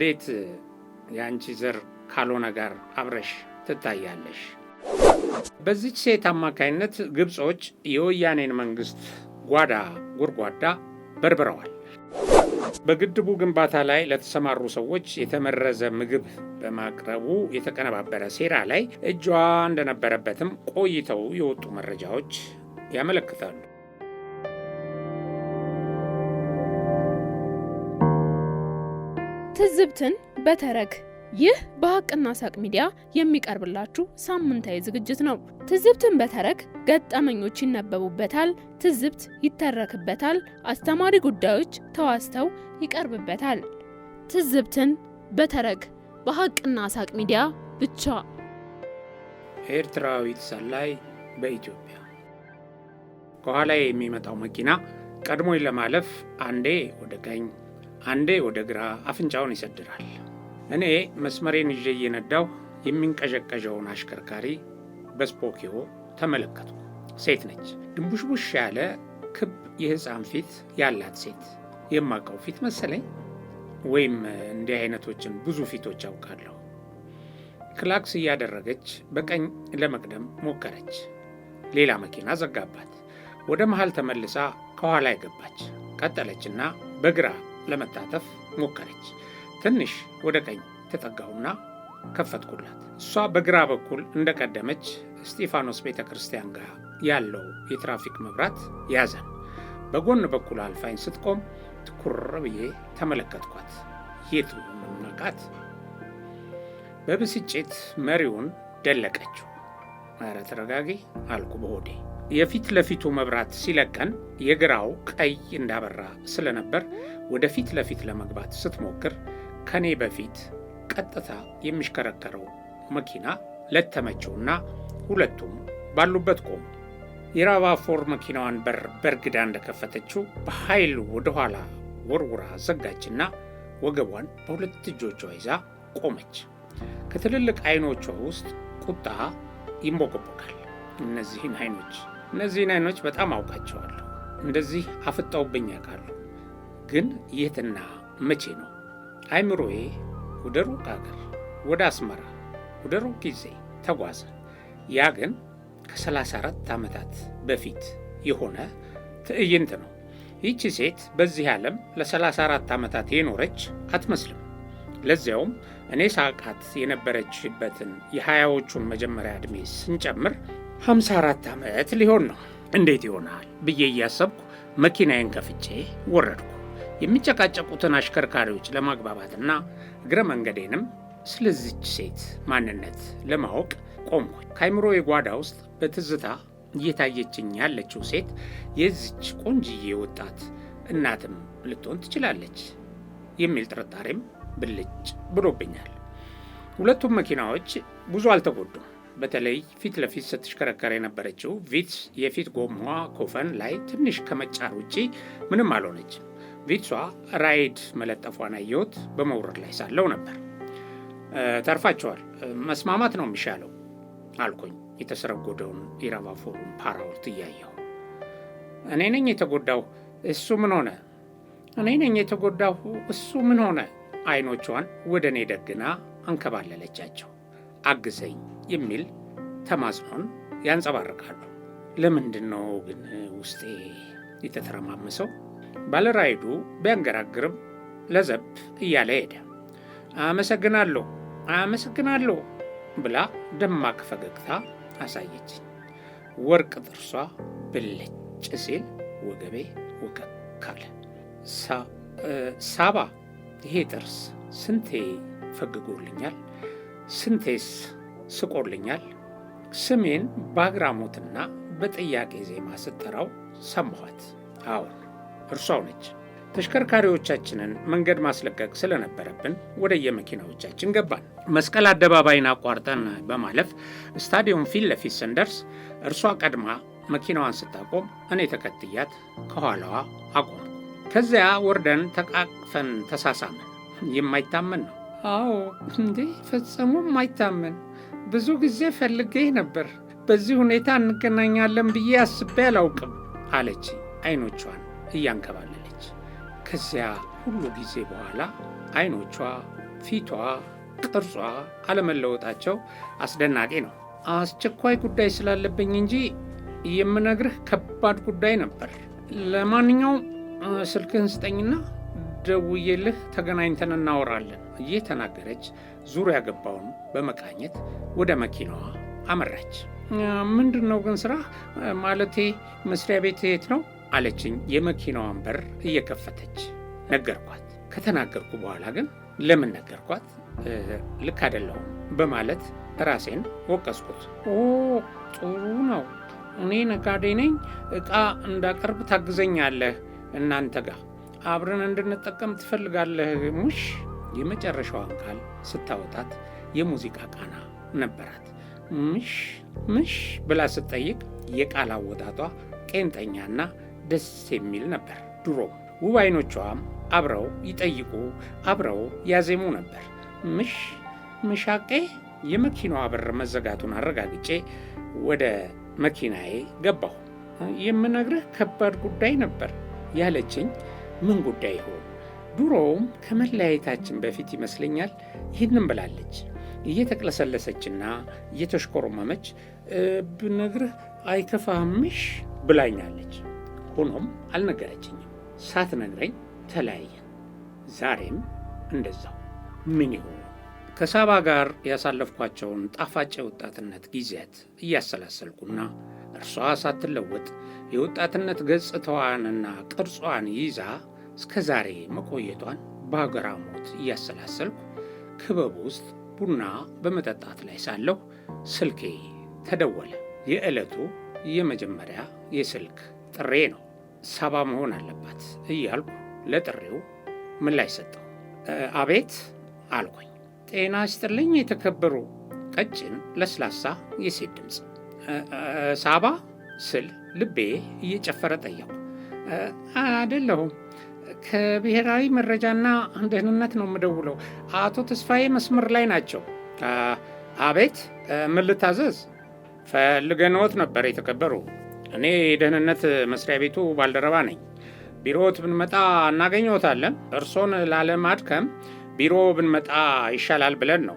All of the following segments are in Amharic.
እንዴት የአንቺ ዘር ካልሆነ ጋር አብረሽ ትታያለሽ? በዚች ሴት አማካይነት ግብጾች የወያኔን መንግስት ጓዳ ጎድጓዳ በርብረዋል። በግድቡ ግንባታ ላይ ለተሰማሩ ሰዎች የተመረዘ ምግብ በማቅረቡ የተቀነባበረ ሴራ ላይ እጇ እንደነበረበትም ቆይተው የወጡ መረጃዎች ያመለክታሉ። ትዝብትን በተረክ ይህ በሀቅና ሳቅ ሚዲያ የሚቀርብላችሁ ሳምንታዊ ዝግጅት ነው። ትዝብትን በተረክ ገጠመኞች ይነበቡበታል፣ ትዝብት ይተረክበታል፣ አስተማሪ ጉዳዮች ተዋስተው ይቀርብበታል። ትዝብትን በተረክ በሀቅና ሳቅ ሚዲያ ብቻ። ኤርትራዊት ሰላይ በኢትዮጵያ ከኋላ የሚመጣው መኪና ቀድሞኝ ለማለፍ አንዴ ወደ ቀኝ አንዴ ወደ ግራ አፍንጫውን ይሰድራል። እኔ መስመሬን ይዤ እየነዳው የሚንቀዠቀዠውን አሽከርካሪ በስፖኪዮ ተመለከቱ። ሴት ነች። ድንቡሽቡሽ ያለ ክብ የሕፃን ፊት ያላት ሴት የማውቀው ፊት መሰለኝ፣ ወይም እንዲህ አይነቶችን ብዙ ፊቶች አውቃለሁ። ክላክስ እያደረገች በቀኝ ለመቅደም ሞከረች። ሌላ መኪና ዘጋባት። ወደ መሃል ተመልሳ ከኋላ የገባች ቀጠለችና በግራ ለመታተፍ ሞከረች። ትንሽ ወደ ቀኝ ተጠጋሁና ከፈትኩላት። እሷ በግራ በኩል እንደቀደመች እስጢፋኖስ ቤተ ክርስቲያን ጋር ያለው የትራፊክ መብራት ያዘን። በጎን በኩል አልፋኝ ስትቆም ትኩር ብዬ ተመለከትኳት። የት መቃት በብስጭት መሪውን ደለቀችው። ኧረ ተረጋጊ አልኩ በሆዴ። የፊት ለፊቱ መብራት ሲለቀን የግራው ቀይ እንዳበራ ስለነበር ወደፊት ለፊት ለመግባት ስትሞክር ከኔ በፊት ቀጥታ የሚሽከረከረው መኪና ለተመቸውና ሁለቱም ባሉበት ቆሙ። የራቫፎር መኪናዋን በር በእርግዳ እንደከፈተችው በኃይል ወደኋላ ወርውራ ዘጋችና ወገቧን በሁለት እጆቿ ይዛ ቆመች። ከትልልቅ አይኖቿ ውስጥ ቁጣ ይንቦገቦጋል። እነዚህን አይኖች እነዚህን አይኖች በጣም አውቃቸዋለሁ። እንደዚህ አፍጣውብኝ ያውቃሉ። ግን የትና መቼ ነው? አይምሮዬ ወደ ሩቅ አገር ወደ አስመራ ወደ ሩቅ ጊዜ ተጓዘ። ያ ግን ከ34 ዓመታት በፊት የሆነ ትዕይንት ነው። ይቺ ሴት በዚህ ዓለም ለ34 ዓመታት የኖረች አትመስልም። ለዚያውም እኔ ሳቃት የነበረችበትን የሀያዎቹን መጀመሪያ ዕድሜ ስንጨምር 54 ዓመት ሊሆን ነው። እንዴት ይሆናል ብዬ እያሰብኩ መኪናዬን ከፍቼ ወረድኩ። የሚጨቃጨቁትን አሽከርካሪዎች ለማግባባትና እግረ መንገዴንም ስለዚች ሴት ማንነት ለማወቅ ቆምኩኝ። ከአይምሮ የጓዳ ውስጥ በትዝታ እየታየችኝ ያለችው ሴት የዚች ቆንጅዬ ወጣት እናትም ልትሆን ትችላለች የሚል ጥርጣሬም ብልጭ ብሎብኛል። ሁለቱም መኪናዎች ብዙ አልተጎዱም። በተለይ ፊት ለፊት ስትሽከረከር የነበረችው ቪትስ የፊት ጎማዋ ኮፈን ላይ ትንሽ ከመጫር ውጪ ምንም አልሆነች። ቪትሷ ራይድ መለጠፏን አየሁት። በመውረድ ላይ ሳለው ነበር። ተርፋቸዋል። መስማማት ነው የሚሻለው አልኩኝ፣ የተሰረጎደውን ኢራቫፎርን ፓራውልት እያየሁ። እኔ ነኝ የተጎዳሁ፣ እሱ ምን ሆነ? እኔ ነኝ የተጎዳሁ፣ እሱ ምን ሆነ? አይኖቿን ወደ እኔ ደግና አንከባለለቻቸው። አግዘኝ የሚል ተማጽኖን ያንጸባርቃሉ። ለምንድን ነው ግን ውስጤ የተተረማመሰው? ባለራይዱ ቢያንገራግርም ለዘብ እያለ ሄደ። አመሰግናለሁ አመሰግናለሁ ብላ ደማቅ ፈገግታ አሳየች። ወርቅ ጥርሷ ብልጭ ሲል ወገቤ ወከክ ሳባ ይሄ ጥርስ ስንቴ ፈግጎልኛል፣ ስንቴስ ስቆልኛል። ስሜን በአግራሞትና በጥያቄ ዜማ ስጠራው ሰማኋት። አዎን እርሷው ነች። ተሽከርካሪዎቻችንን መንገድ ማስለቀቅ ስለነበረብን ወደ የመኪናዎቻችን ገባን። መስቀል አደባባይን አቋርጠን በማለፍ ስታዲየም ፊት ለፊት ስንደርስ እርሷ ቀድማ መኪናዋን ስታቆም እኔ ተከትያት ከኋላዋ አቆም። ከዚያ ወርደን ተቃቅፈን ተሳሳምን። የማይታመን ነው። አዎ እንዴ! ፈጽሞ የማይታመን ብዙ ጊዜ ፈልጌህ ነበር። በዚህ ሁኔታ እንገናኛለን ብዬ አስቤ አላውቅም አለች አይኖቿን እያንከባለለች ከዚያ ሁሉ ጊዜ በኋላ አይኖቿ፣ ፊቷ፣ ቅርጿ አለመለወጣቸው አስደናቂ ነው። አስቸኳይ ጉዳይ ስላለብኝ እንጂ የምነግርህ ከባድ ጉዳይ ነበር። ለማንኛውም ስልክህን ስጠኝና ደውዬልህ ተገናኝተን እናወራለን እየተናገረች ዙሪያ ገባውን በመቃኘት ወደ መኪናዋ አመራች። ምንድን ነው ግን ስራ? ማለቴ መስሪያ ቤት የት ነው? አለችኝ የመኪናዋን በር እየከፈተች ነገርኳት። ከተናገርኩ በኋላ ግን ለምን ነገርኳት ልክ አይደለሁም በማለት ራሴን ወቀስኩት። ኦ ጥሩ ነው፣ እኔ ነጋዴ ነኝ፣ ዕቃ እንዳቀርብ ታግዘኛለህ፣ እናንተ ጋር አብረን እንድንጠቀም ትፈልጋለህ። ሙሽ የመጨረሻዋን ቃል ስታወጣት የሙዚቃ ቃና ነበራት። ምሽ ምሽ ብላ ስትጠይቅ የቃል አወጣጧ ቄንጠኛና ደስ የሚል ነበር። ድሮ ውብ አይኖቿም አብረው ይጠይቁ አብረው ያዜሙ ነበር። ምሽ ምሻቄ የመኪናዋ በር መዘጋቱን አረጋግጬ ወደ መኪናዬ ገባሁ። የምነግርህ ከባድ ጉዳይ ነበር ያለችኝ። ምን ጉዳይ ይሆን? ድሮውም ከመለያየታችን በፊት ይመስለኛል ይህንን ብላለች። እየተቅለሰለሰችና እየተሽኮረመመች ብነግርህ አይከፋምሽ ብላኛለች። ሆኖም አልነገረችኝም። ሳትነግረኝ ተለያየን። ዛሬም እንደዛው። ምን ይሆን? ከሳባ ጋር ያሳለፍኳቸውን ጣፋጭ የወጣትነት ጊዜያት እያሰላሰልኩና እርሷ ሳትለወጥ የወጣትነት ገጽታዋንና ቅርጿን ይዛ እስከ ዛሬ መቆየቷን በአግራሞት እያሰላሰልኩ ክበብ ውስጥ ቡና በመጠጣት ላይ ሳለሁ ስልኬ ተደወለ። የዕለቱ የመጀመሪያ የስልክ ጥሬ ነው። ሰባ መሆን አለባት እያልኩ ለጥሪው ላይ ሰጠው። አቤት አልኩኝ። ጤና ይስጥልኝ የተከበሩ ቀጭን ለስላሳ የሴት ድምፅ። ሳባ ስል ልቤ እየጨፈረ ጠየቁ። አይደለሁም፣ ከብሔራዊ መረጃና ደህንነት ነው የምደውለው። አቶ ተስፋዬ መስመር ላይ ናቸው። አቤት፣ ምን ልታዘዝ? ፈልገንዎት ነበር የተከበሩ እኔ የደህንነት መስሪያ ቤቱ ባልደረባ ነኝ። ቢሮዎት ብንመጣ እናገኘዎታለን። እርሶን ላለማድከም ቢሮ ብንመጣ ይሻላል ብለን ነው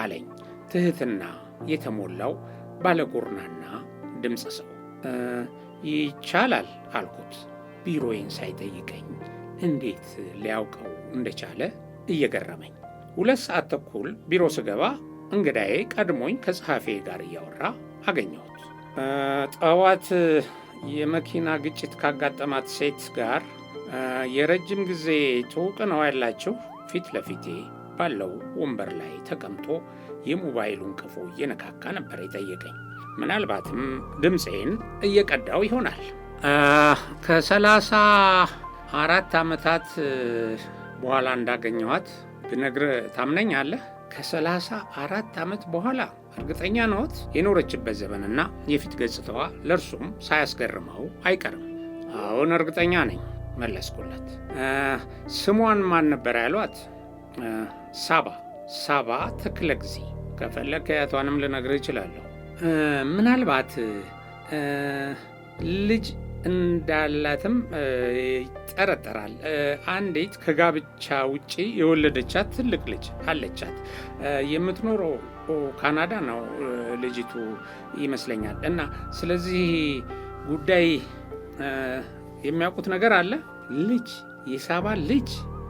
አለኝ። ትህትና የተሞላው ባለጎርናና ድምፅ ሰው። ይቻላል አልኩት። ቢሮዬን ሳይጠይቀኝ እንዴት ሊያውቀው እንደቻለ እየገረመኝ። ሁለት ሰዓት ተኩል ቢሮ ስገባ እንግዳዬ ቀድሞኝ ከጸሐፌ ጋር እያወራ አገኘው። ጠዋት የመኪና ግጭት ካጋጠማት ሴት ጋር የረጅም ጊዜ ትውቅ ነው ያላችሁ ፊት ለፊቴ ባለው ወንበር ላይ ተቀምጦ የሞባይሉን ቅፎ እየነካካ ነበር የጠየቀኝ። ምናልባትም ድምፄን እየቀዳው ይሆናል። ከሰላሳ አራት ዓመታት በኋላ እንዳገኘኋት ብነግር ታምነኛለህ? ከሰላሳ አራት ዓመት በኋላ እርግጠኛ ነዎት? የኖረችበት ዘመንና የፊት ገጽታዋ ለእርሱም ሳያስገርመው አይቀርም። አሁን እርግጠኛ ነኝ መለስኩለት። ስሟን ማን ነበር ያሏት? ሳባ። ሳባ ተክለ ጊዜ። ከፈለግ ከያቷንም ልነግር ይችላለሁ። ምናልባት ልጅ እንዳላትም ይጠረጠራል። አንዲት ከጋብቻ ውጪ የወለደቻት ትልቅ ልጅ አለቻት። የምትኖረው ካናዳ ነው ልጅቱ ይመስለኛል። እና ስለዚህ ጉዳይ የሚያውቁት ነገር አለ። ልጅ የሳባ ልጅ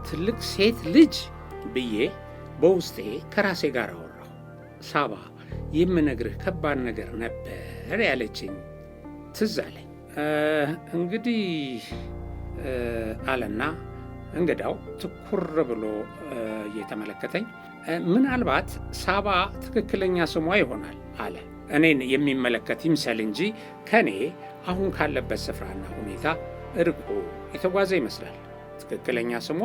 ትልቅ ሴት ልጅ ብዬ በውስጤ ከራሴ ጋር አወራሁ። ሳባ የምነግርህ ከባድ ነገር ነበር ያለችኝ ትዝ አለኝ። እንግዲህ አለና እንግዳው ትኩር ብሎ እየተመለከተኝ ምናልባት ሳባ ትክክለኛ ስሟ ይሆናል አለ። እኔን የሚመለከት ይምሰል እንጂ ከኔ አሁን ካለበት ስፍራና ሁኔታ እርቆ የተጓዘ ይመስላል። ትክክለኛ ስሟ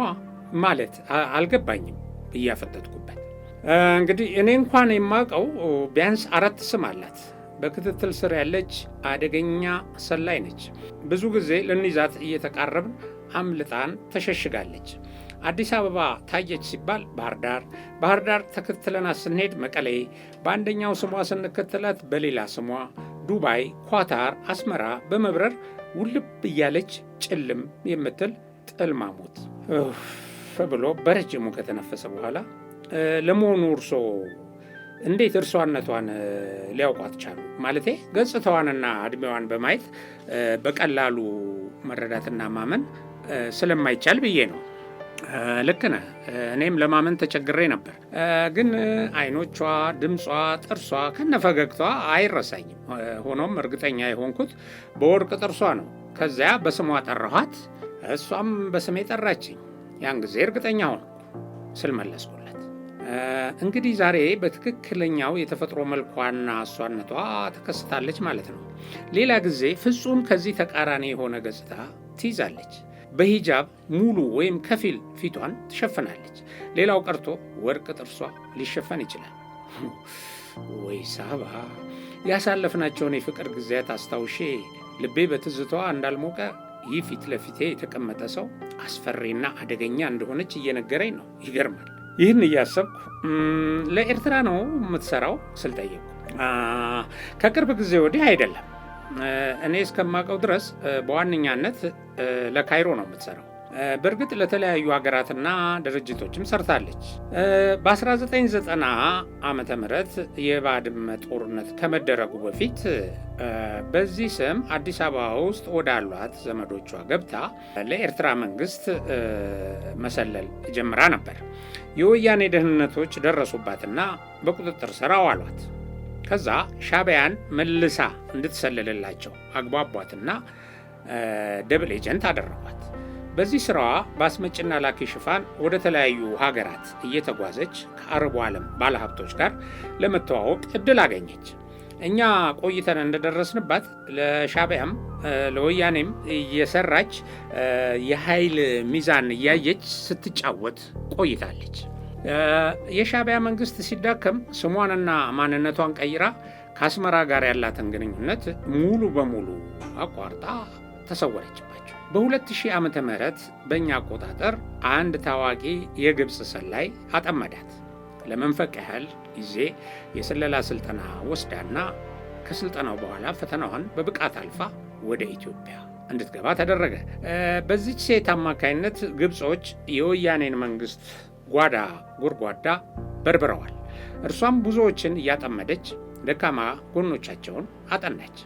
ማለት አልገባኝም ብዬ እንግዲህ እኔ እንኳን የማውቀው ቢያንስ አራት ስም አላት። በክትትል ስር ያለች አደገኛ ሰላይ ነች። ብዙ ጊዜ ልንይዛት እየተቃረብን አምልጣን ተሸሽጋለች። አዲስ አበባ ታየች ሲባል ባህር ዳር፣ ባህር ዳር ተከትለናት ስንሄድ መቀሌ፣ በአንደኛው ስሟ ስንከተላት በሌላ ስሟ ዱባይ፣ ኳታር፣ አስመራ በመብረር ውልብ እያለች ጭልም የምትል ጥልማሞት ብሎ በረጅሙ ከተነፈሰ በኋላ ለመሆኑ እርሶ እንዴት እርሷነቷን ሊያውቋት ቻሉ? ማለቴ ገጽታዋንና እድሜዋን በማየት በቀላሉ መረዳትና ማመን ስለማይቻል ብዬ ነው። ልክ ነህ። እኔም ለማመን ተቸግሬ ነበር። ግን አይኖቿ፣ ድምጿ፣ ጥርሷ ከነፈገግቷ አይረሳኝም። ሆኖም እርግጠኛ የሆንኩት በወርቅ ጥርሷ ነው። ከዚያ በስሟ ጠራኋት፣ እሷም በስሜ ጠራችኝ። ያን ጊዜ እርግጠኛ ሆንኩ ስል እንግዲህ ዛሬ በትክክለኛው የተፈጥሮ መልኳና እሷነቷ ተከስታለች ማለት ነው። ሌላ ጊዜ ፍጹም ከዚህ ተቃራኒ የሆነ ገጽታ ትይዛለች። በሂጃብ ሙሉ ወይም ከፊል ፊቷን ትሸፍናለች። ሌላው ቀርቶ ወርቅ ጥርሷ ሊሸፈን ይችላል። ወይ ሳባ! ያሳለፍናቸውን የፍቅር ጊዜያት አስታውሼ ልቤ በትዝታዋ እንዳልሞቀ ይህ ፊት ለፊቴ የተቀመጠ ሰው አስፈሪና አደገኛ እንደሆነች እየነገረኝ ነው። ይገርማል። ይህን እያሰብኩ ለኤርትራ ነው የምትሰራው ስል ጠየቁ። ከቅርብ ጊዜ ወዲህ አይደለም እኔ እስከማውቀው ድረስ በዋነኛነት ለካይሮ ነው የምትሰራው። በእርግጥ ለተለያዩ ሀገራትና ድርጅቶችም ሰርታለች። በ1990 ዓ ምህረት የባድመ ጦርነት ከመደረጉ በፊት በዚህ ስም አዲስ አበባ ውስጥ ወዳሏት ዘመዶቿ ገብታ ለኤርትራ መንግስት መሰለል ጀምራ ነበር። የወያኔ ደህንነቶች ደረሱባትና በቁጥጥር ስር አዋሏት። ከዛ ሻቢያን መልሳ እንድትሰልልላቸው አግባቧትና ደብል ኤጀንት አደረጓት። በዚህ ስራዋ በአስመጭና ላኪ ሽፋን ወደ ተለያዩ ሀገራት እየተጓዘች ከአረቡ ዓለም ባለሀብቶች ጋር ለመተዋወቅ እድል አገኘች። እኛ ቆይተን እንደደረስንባት ለሻቢያም ለወያኔም እየሰራች የኃይል ሚዛን እያየች ስትጫወት ቆይታለች። የሻቢያ መንግስት ሲዳከም ስሟንና ማንነቷን ቀይራ ከአስመራ ጋር ያላትን ግንኙነት ሙሉ በሙሉ አቋርጣ ተሰወረችባቸው። በ2000 ዓ ም በእኛ አቆጣጠር አንድ ታዋቂ የግብፅ ሰላይ አጠመዳት። ለመንፈቅ ያህል ጊዜ የስለላ ስልጠና ወስዳና ከስልጠናው በኋላ ፈተናዋን በብቃት አልፋ ወደ ኢትዮጵያ እንድትገባ ተደረገ። በዚች ሴት አማካይነት ግብጾች የወያኔን መንግስት ጓዳ ጎድጓዳ በርብረዋል። እርሷም ብዙዎችን እያጠመደች ደካማ ጎኖቻቸውን አጠናች።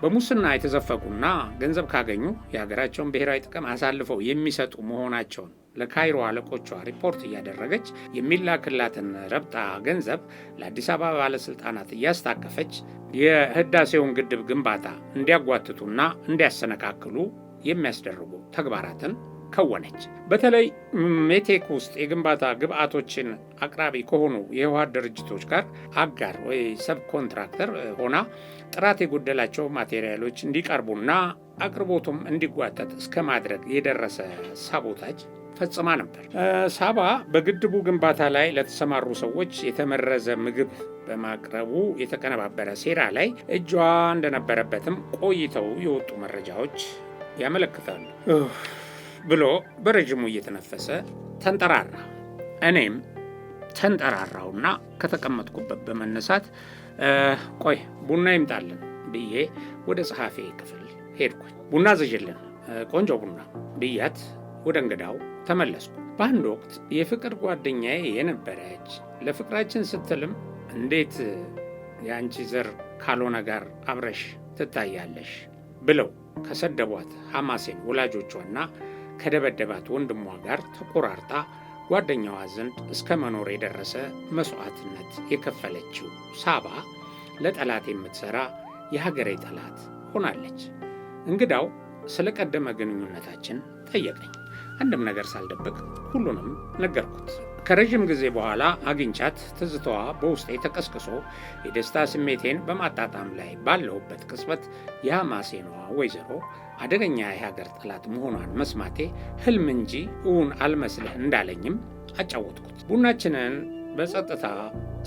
በሙስና የተዘፈቁና ገንዘብ ካገኙ የሀገራቸውን ብሔራዊ ጥቅም አሳልፈው የሚሰጡ መሆናቸውን ለካይሮ አለቆቿ ሪፖርት እያደረገች የሚላክላትን ረብጣ ገንዘብ ለአዲስ አበባ ባለሥልጣናት እያስታቀፈች የህዳሴውን ግድብ ግንባታ እንዲያጓትቱና እንዲያሰነካክሉ የሚያስደርጉ ተግባራትን ከወነች። በተለይ ሜቴክ ውስጥ የግንባታ ግብዓቶችን አቅራቢ ከሆኑ የህወሀት ድርጅቶች ጋር አጋር ወይ ሰብ ኮንትራክተር ሆና ጥራት የጎደላቸው ማቴሪያሎች እንዲቀርቡና አቅርቦቱም እንዲጓተት እስከ ማድረግ የደረሰ ሳቦታጅ ፈጽማ ነበር። ሳባ በግድቡ ግንባታ ላይ ለተሰማሩ ሰዎች የተመረዘ ምግብ በማቅረቡ የተቀነባበረ ሴራ ላይ እጇ እንደነበረበትም ቆይተው የወጡ መረጃዎች ያመለክታሉ። ብሎ በረዥሙ እየተነፈሰ ተንጠራራ። እኔም ተንጠራራውና ከተቀመጥኩበት በመነሳት ቆይ ቡና ይምጣልን ብዬ ወደ ጸሐፌ ክፍል ሄድኩኝ። ቡና ዝዥልን ቆንጆ ቡና ብያት ወደ እንግዳው ተመለስኩ። በአንድ ወቅት የፍቅር ጓደኛዬ የነበረች ለፍቅራችን ስትልም እንዴት የአንቺ ዘር ካልሆነ ጋር አብረሽ ትታያለሽ ብለው ከሰደቧት ሐማሴን ወላጆቿና ከደበደባት ወንድሟ ጋር ተቆራርጣ ጓደኛዋ ዘንድ እስከ መኖር የደረሰ መሥዋዕትነት የከፈለችው ሳባ ለጠላት የምትሠራ የሀገሬ ጠላት ሆናለች። እንግዳው ስለ ቀደመ ግንኙነታችን ጠየቀኝ። አንድም ነገር ሳልደብቅ ሁሉንም ነገርኩት። ከረዥም ጊዜ በኋላ አግኝቻት ትዝታዋ በውስጤ ተቀስቅሶ የደስታ ስሜቴን በማጣጣም ላይ ባለሁበት ቅጽበት የሐማሴኗ ወይዘሮ አደገኛ የሀገር ጠላት መሆኗን መስማቴ ህልም እንጂ እውን አልመስልህ እንዳለኝም አጫወትኩት። ቡናችንን በጸጥታ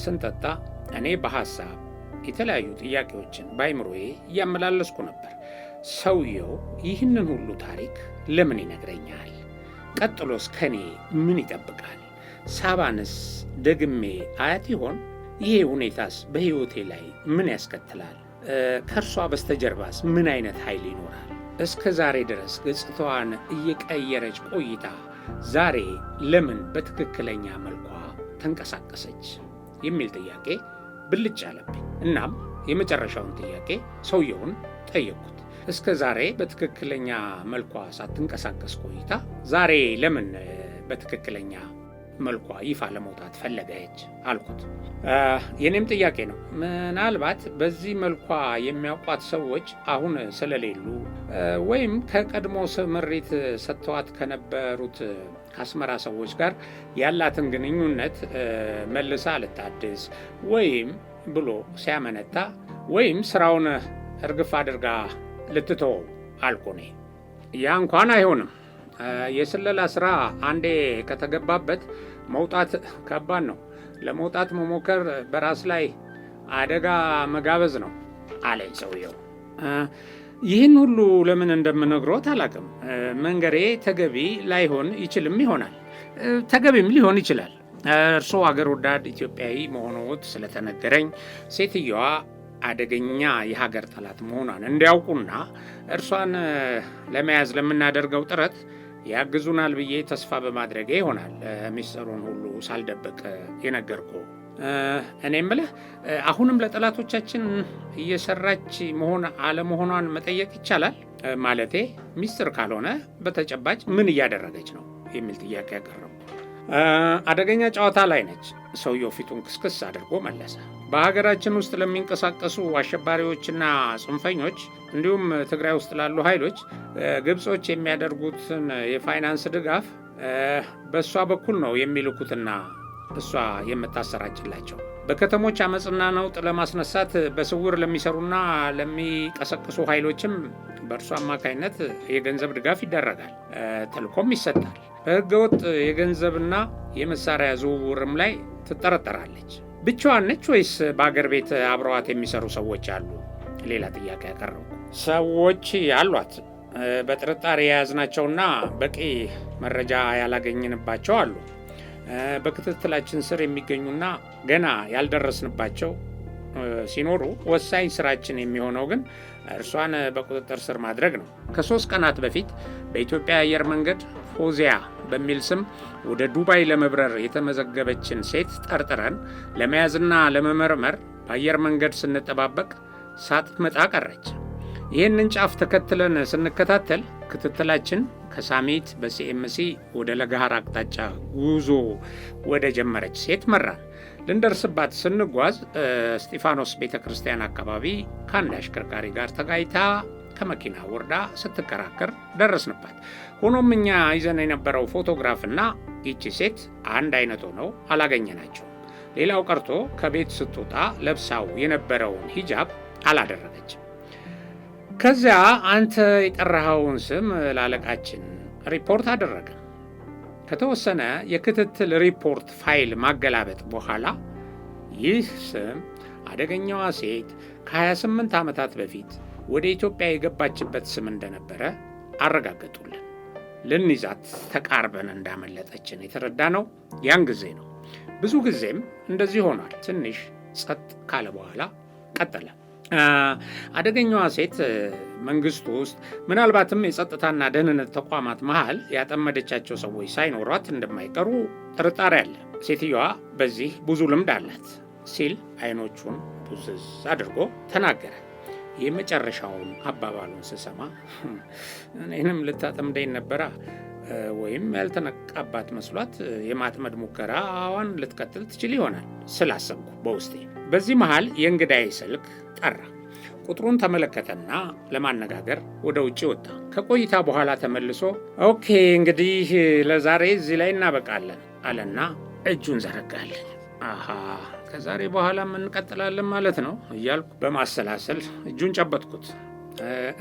ስንጠጣ እኔ በሐሳብ የተለያዩ ጥያቄዎችን በአይምሮዬ እያመላለስኩ ነበር። ሰውየው ይህንን ሁሉ ታሪክ ለምን ይነግረኛል? ቀጥሎስ ከኔ ምን ይጠብቃል? ሳባንስ ደግሜ አያት ይሆን? ይሄ ሁኔታስ በሕይወቴ ላይ ምን ያስከትላል? ከእርሷ በስተጀርባስ ምን አይነት ኃይል ይኖራል? እስከ ዛሬ ድረስ ገጽታዋን እየቀየረች ቆይታ ዛሬ ለምን በትክክለኛ መልኳ ተንቀሳቀሰች የሚል ጥያቄ ብልጭ አለብኝ። እናም የመጨረሻውን ጥያቄ ሰውየውን ጠየቅኩት። እስከ ዛሬ በትክክለኛ መልኳ ሳትንቀሳቀስ ቆይታ ዛሬ ለምን በትክክለኛ መልኳ ይፋ ለመውጣት ፈለገች አልኩት። የኔም ጥያቄ ነው። ምናልባት በዚህ መልኳ የሚያውቋት ሰዎች አሁን ስለሌሉ ወይም ከቀድሞ ስምሪት ሰጥተዋት ከነበሩት ከአስመራ ሰዎች ጋር ያላትን ግንኙነት መልሳ ልታድስ ወይም ብሎ ሲያመነታ ወይም ስራውን እርግፍ አድርጋ ልትተወው አልኩኔ። ያ እንኳን አይሆንም የስለላ ስራ አንዴ ከተገባበት መውጣት ከባድ ነው። ለመውጣት መሞከር በራስ ላይ አደጋ መጋበዝ ነው አለኝ ሰውየው። ይህን ሁሉ ለምን እንደምነግሮት አላቅም። መንገሬ ተገቢ ላይሆን ይችልም ይሆናል፣ ተገቢም ሊሆን ይችላል። እርስዎ አገር ወዳድ ኢትዮጵያዊ መሆኖት ስለተነገረኝ ሴትየዋ አደገኛ የሀገር ጠላት መሆኗን እንዲያውቁና እርሷን ለመያዝ ለምናደርገው ጥረት ያግዙናል ብዬ ተስፋ በማድረጌ ይሆናል ሚስጥሩን ሁሉ ሳልደብቅ የነገርኩ። እኔ ምልህ አሁንም ለጠላቶቻችን እየሰራች መሆን አለመሆኗን መጠየቅ ይቻላል? ማለቴ ሚስጥር ካልሆነ በተጨባጭ ምን እያደረገች ነው የሚል ጥያቄ ያቀረቡ። አደገኛ ጨዋታ ላይ ነች፣ ሰውየው ፊቱን ክስክስ አድርጎ መለሰ። በሀገራችን ውስጥ ለሚንቀሳቀሱ አሸባሪዎችና ጽንፈኞች እንዲሁም ትግራይ ውስጥ ላሉ ኃይሎች ግብጾች የሚያደርጉትን የፋይናንስ ድጋፍ በእሷ በኩል ነው የሚልኩትና እሷ የምታሰራጭላቸው። በከተሞች አመፅና ነውጥ ለማስነሳት በስውር ለሚሰሩና ለሚቀሰቅሱ ኃይሎችም በእርሱ አማካይነት የገንዘብ ድጋፍ ይደረጋል፣ ተልኮም ይሰጣል። በህገወጥ የገንዘብና የመሳሪያ ዝውውርም ላይ ትጠረጠራለች። ብቻዋን ነች ወይስ በአገር ቤት አብረዋት የሚሰሩ ሰዎች አሉ? ሌላ ጥያቄ ያቀረብኩ። ሰዎች አሏት። በጥርጣሬ የያዝናቸውና በቂ መረጃ ያላገኘንባቸው አሉ። በክትትላችን ስር የሚገኙና ገና ያልደረስንባቸው ሲኖሩ ወሳኝ ስራችን የሚሆነው ግን እርሷን በቁጥጥር ስር ማድረግ ነው። ከሶስት ቀናት በፊት በኢትዮጵያ አየር መንገድ ፎዚያ በሚል ስም ወደ ዱባይ ለመብረር የተመዘገበችን ሴት ጠርጥረን ለመያዝና ለመመርመር በአየር መንገድ ስንጠባበቅ ሳትመጣ ቀረች። ይህንን ጫፍ ተከትለን ስንከታተል ክትትላችን ከሳሚት በሲኤምሲ ወደ ለጋሃር አቅጣጫ ጉዞ ወደ ጀመረች ሴት መራን። ልንደርስባት ስንጓዝ እስጢፋኖስ ቤተ ክርስቲያን አካባቢ ከአንድ አሽከርካሪ ጋር ተጋይታ ከመኪና ወርዳ ስትከራከር ደረስንባት። ሆኖም እኛ ይዘን የነበረው ፎቶግራፍና ይቺ ሴት አንድ አይነት ሆነው አላገኘናቸው። ሌላው ቀርቶ ከቤት ስትወጣ ለብሳው የነበረውን ሂጃብ አላደረገችም። ከዚያ አንተ የጠራኸውን ስም ላለቃችን ሪፖርት አደረገ። ከተወሰነ የክትትል ሪፖርት ፋይል ማገላበጥ በኋላ ይህ ስም አደገኛዋ ሴት ከ28 ዓመታት በፊት ወደ ኢትዮጵያ የገባችበት ስም እንደነበረ አረጋገጡልን። ልንይዛት ተቃርበን እንዳመለጠችን የተረዳ ነው ያን ጊዜ ነው። ብዙ ጊዜም እንደዚህ ሆኗል። ትንሽ ጸጥ ካለ በኋላ ቀጠለ። አደገኛዋ ሴት መንግስቱ ውስጥ ምናልባትም የጸጥታና ደህንነት ተቋማት መሃል ያጠመደቻቸው ሰዎች ሳይኖሯት እንደማይቀሩ ጥርጣሬ አለ። ሴትዮዋ በዚህ ብዙ ልምድ አላት ሲል አይኖቹን ብዝዝ አድርጎ ተናገረ። የመጨረሻውን አባባሉን ስሰማ እኔንም ልታጠምደኝ ነበራ ወይም ያልተነቃባት መስሏት የማጥመድ ሙከራዋን ልትቀጥል ትችል ይሆናል ስላሰብኩ በውስጤ። በዚህ መሃል የእንግዳይ ስልክ ጠራ። ቁጥሩን ተመለከተና ለማነጋገር ወደ ውጭ ወጣ። ከቆይታ በኋላ ተመልሶ ኦኬ እንግዲህ ለዛሬ እዚህ ላይ እናበቃለን አለና እጁን ዘረጋለን። አሃ ከዛሬ በኋላም እንቀጥላለን ማለት ነው እያልኩ በማሰላሰል እጁን ጨበጥኩት።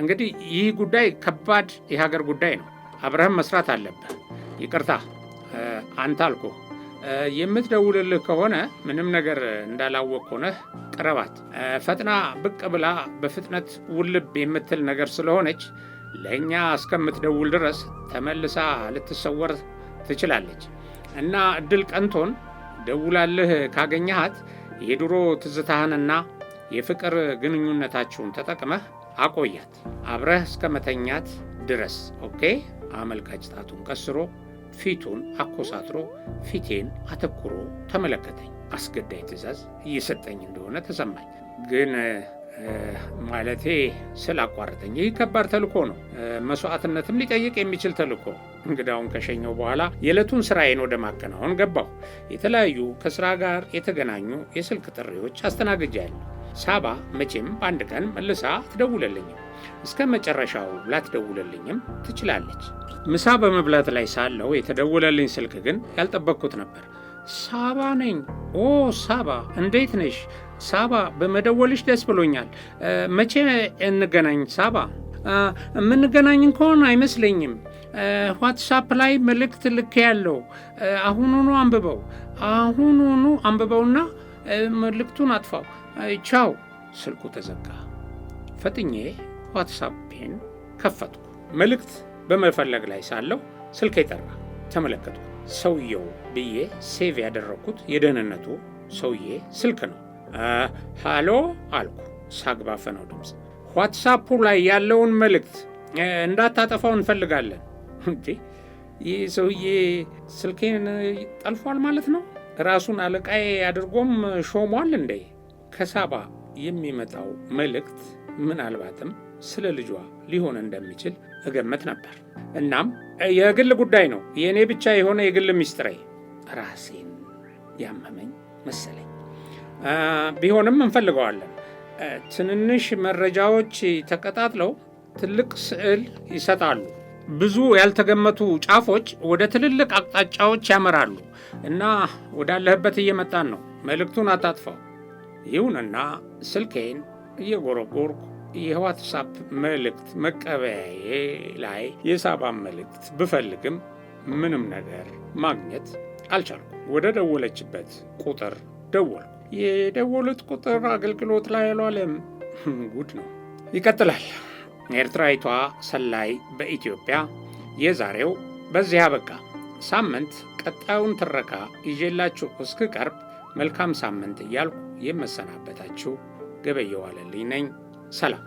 እንግዲህ ይህ ጉዳይ ከባድ የሀገር ጉዳይ ነው። አብረህም መስራት አለብህ። ይቅርታ አንተ አልኩ የምትደውልልህ ከሆነ ምንም ነገር እንዳላወቅ ሆነህ ቅረባት። ፈጥና ብቅ ብላ በፍጥነት ውልብ የምትል ነገር ስለሆነች ለእኛ እስከምትደውል ድረስ ተመልሳ ልትሰወር ትችላለች እና እድል ቀንቶን ደውላልህ ካገኘሃት የድሮ ትዝታህንና የፍቅር ግንኙነታችሁን ተጠቅመህ አቆያት አብረህ እስከ መተኛት ድረስ ኦኬ። አመልካች ጣቱን ቀስሮ ፊቱን አኮሳትሮ ፊቴን አተኩሮ ተመለከተኝ። አስገዳይ ትዕዛዝ እየሰጠኝ እንደሆነ ተሰማኝ። ግን ማለቴ ስላቋረጠኝ ይህ ከባድ ተልኮ ነው። መስዋዕትነትም ሊጠይቅ የሚችል ተልኮ። እንግዳውን ከሸኘው በኋላ የዕለቱን ስራዬን ወደ ማከናወን ገባሁ። የተለያዩ ከስራ ጋር የተገናኙ የስልክ ጥሪዎች አስተናግጃለሁ። ሳባ መቼም በአንድ ቀን መልሳ ትደውለልኝም እስከ መጨረሻው ላትደውለልኝም ትችላለች። ምሳ በመብላት ላይ ሳለው የተደወለልኝ ስልክ ግን ያልጠበቅኩት ነበር። ሳባ ነኝ። ኦ ሳባ፣ እንዴት ነሽ? ሳባ በመደወልሽ ደስ ብሎኛል። መቼ እንገናኝ ሳባ? የምንገናኝ እንኳን አይመስለኝም። ዋትሳፕ ላይ መልእክት ልክ ያለው አሁኑኑ አንብበው፣ አሁኑኑ አንብበውና መልእክቱን አጥፋው ቻው፣ ስልኩ ተዘጋ። ፈጥኜ ዋትሳፔን ከፈትኩ። መልእክት በመፈለግ ላይ ሳለሁ ስልክ ይጠራ። ተመለከቱ ሰውየው ብዬ ሴቭ ያደረግኩት የደህንነቱ ሰውዬ ስልክ ነው። ሃሎ አልኩ ሳግባፈነው ድምፅ። ዋትሳፑ ላይ ያለውን መልእክት እንዳታጠፋው እንፈልጋለን። እንዴ ይህ ሰውዬ ስልኬን ጠልፏል ማለት ነው? ራሱን አለቃዬ አድርጎም ሾሟል እንዴ? ከሳባ የሚመጣው መልእክት ምናልባትም ስለ ልጇ ሊሆን እንደሚችል እገመት ነበር። እናም የግል ጉዳይ ነው፣ የእኔ ብቻ የሆነ የግል ሚስጥሬ ራሴን ያመመኝ መሰለኝ። ቢሆንም እንፈልገዋለን። ትንንሽ መረጃዎች ተቀጣጥለው ትልቅ ስዕል ይሰጣሉ። ብዙ ያልተገመቱ ጫፎች ወደ ትልልቅ አቅጣጫዎች ያመራሉ እና ወዳለህበት እየመጣን ነው። መልእክቱን አታጥፈው ይሁንና ስልኬን እየጎረጎርኩ የዋትሳፕ መልእክት መቀበያዬ ላይ የሳባን መልእክት ብፈልግም ምንም ነገር ማግኘት አልቻልኩ። ወደ ደወለችበት ቁጥር ደወልኩ። የደወሉት ቁጥር አገልግሎት ላይ አልዋለም። ጉድ ነው። ይቀጥላል። ኤርትራዊቷ ሰላይ በኢትዮጵያ የዛሬው በዚህ አበቃ። ሳምንት ቀጣዩን ትረካ ይዤላችሁ እስክቀርብ መልካም ሳምንት እያልኩ የመሰናበታችሁ ገበየው አለልኝ ነኝ። ሰላም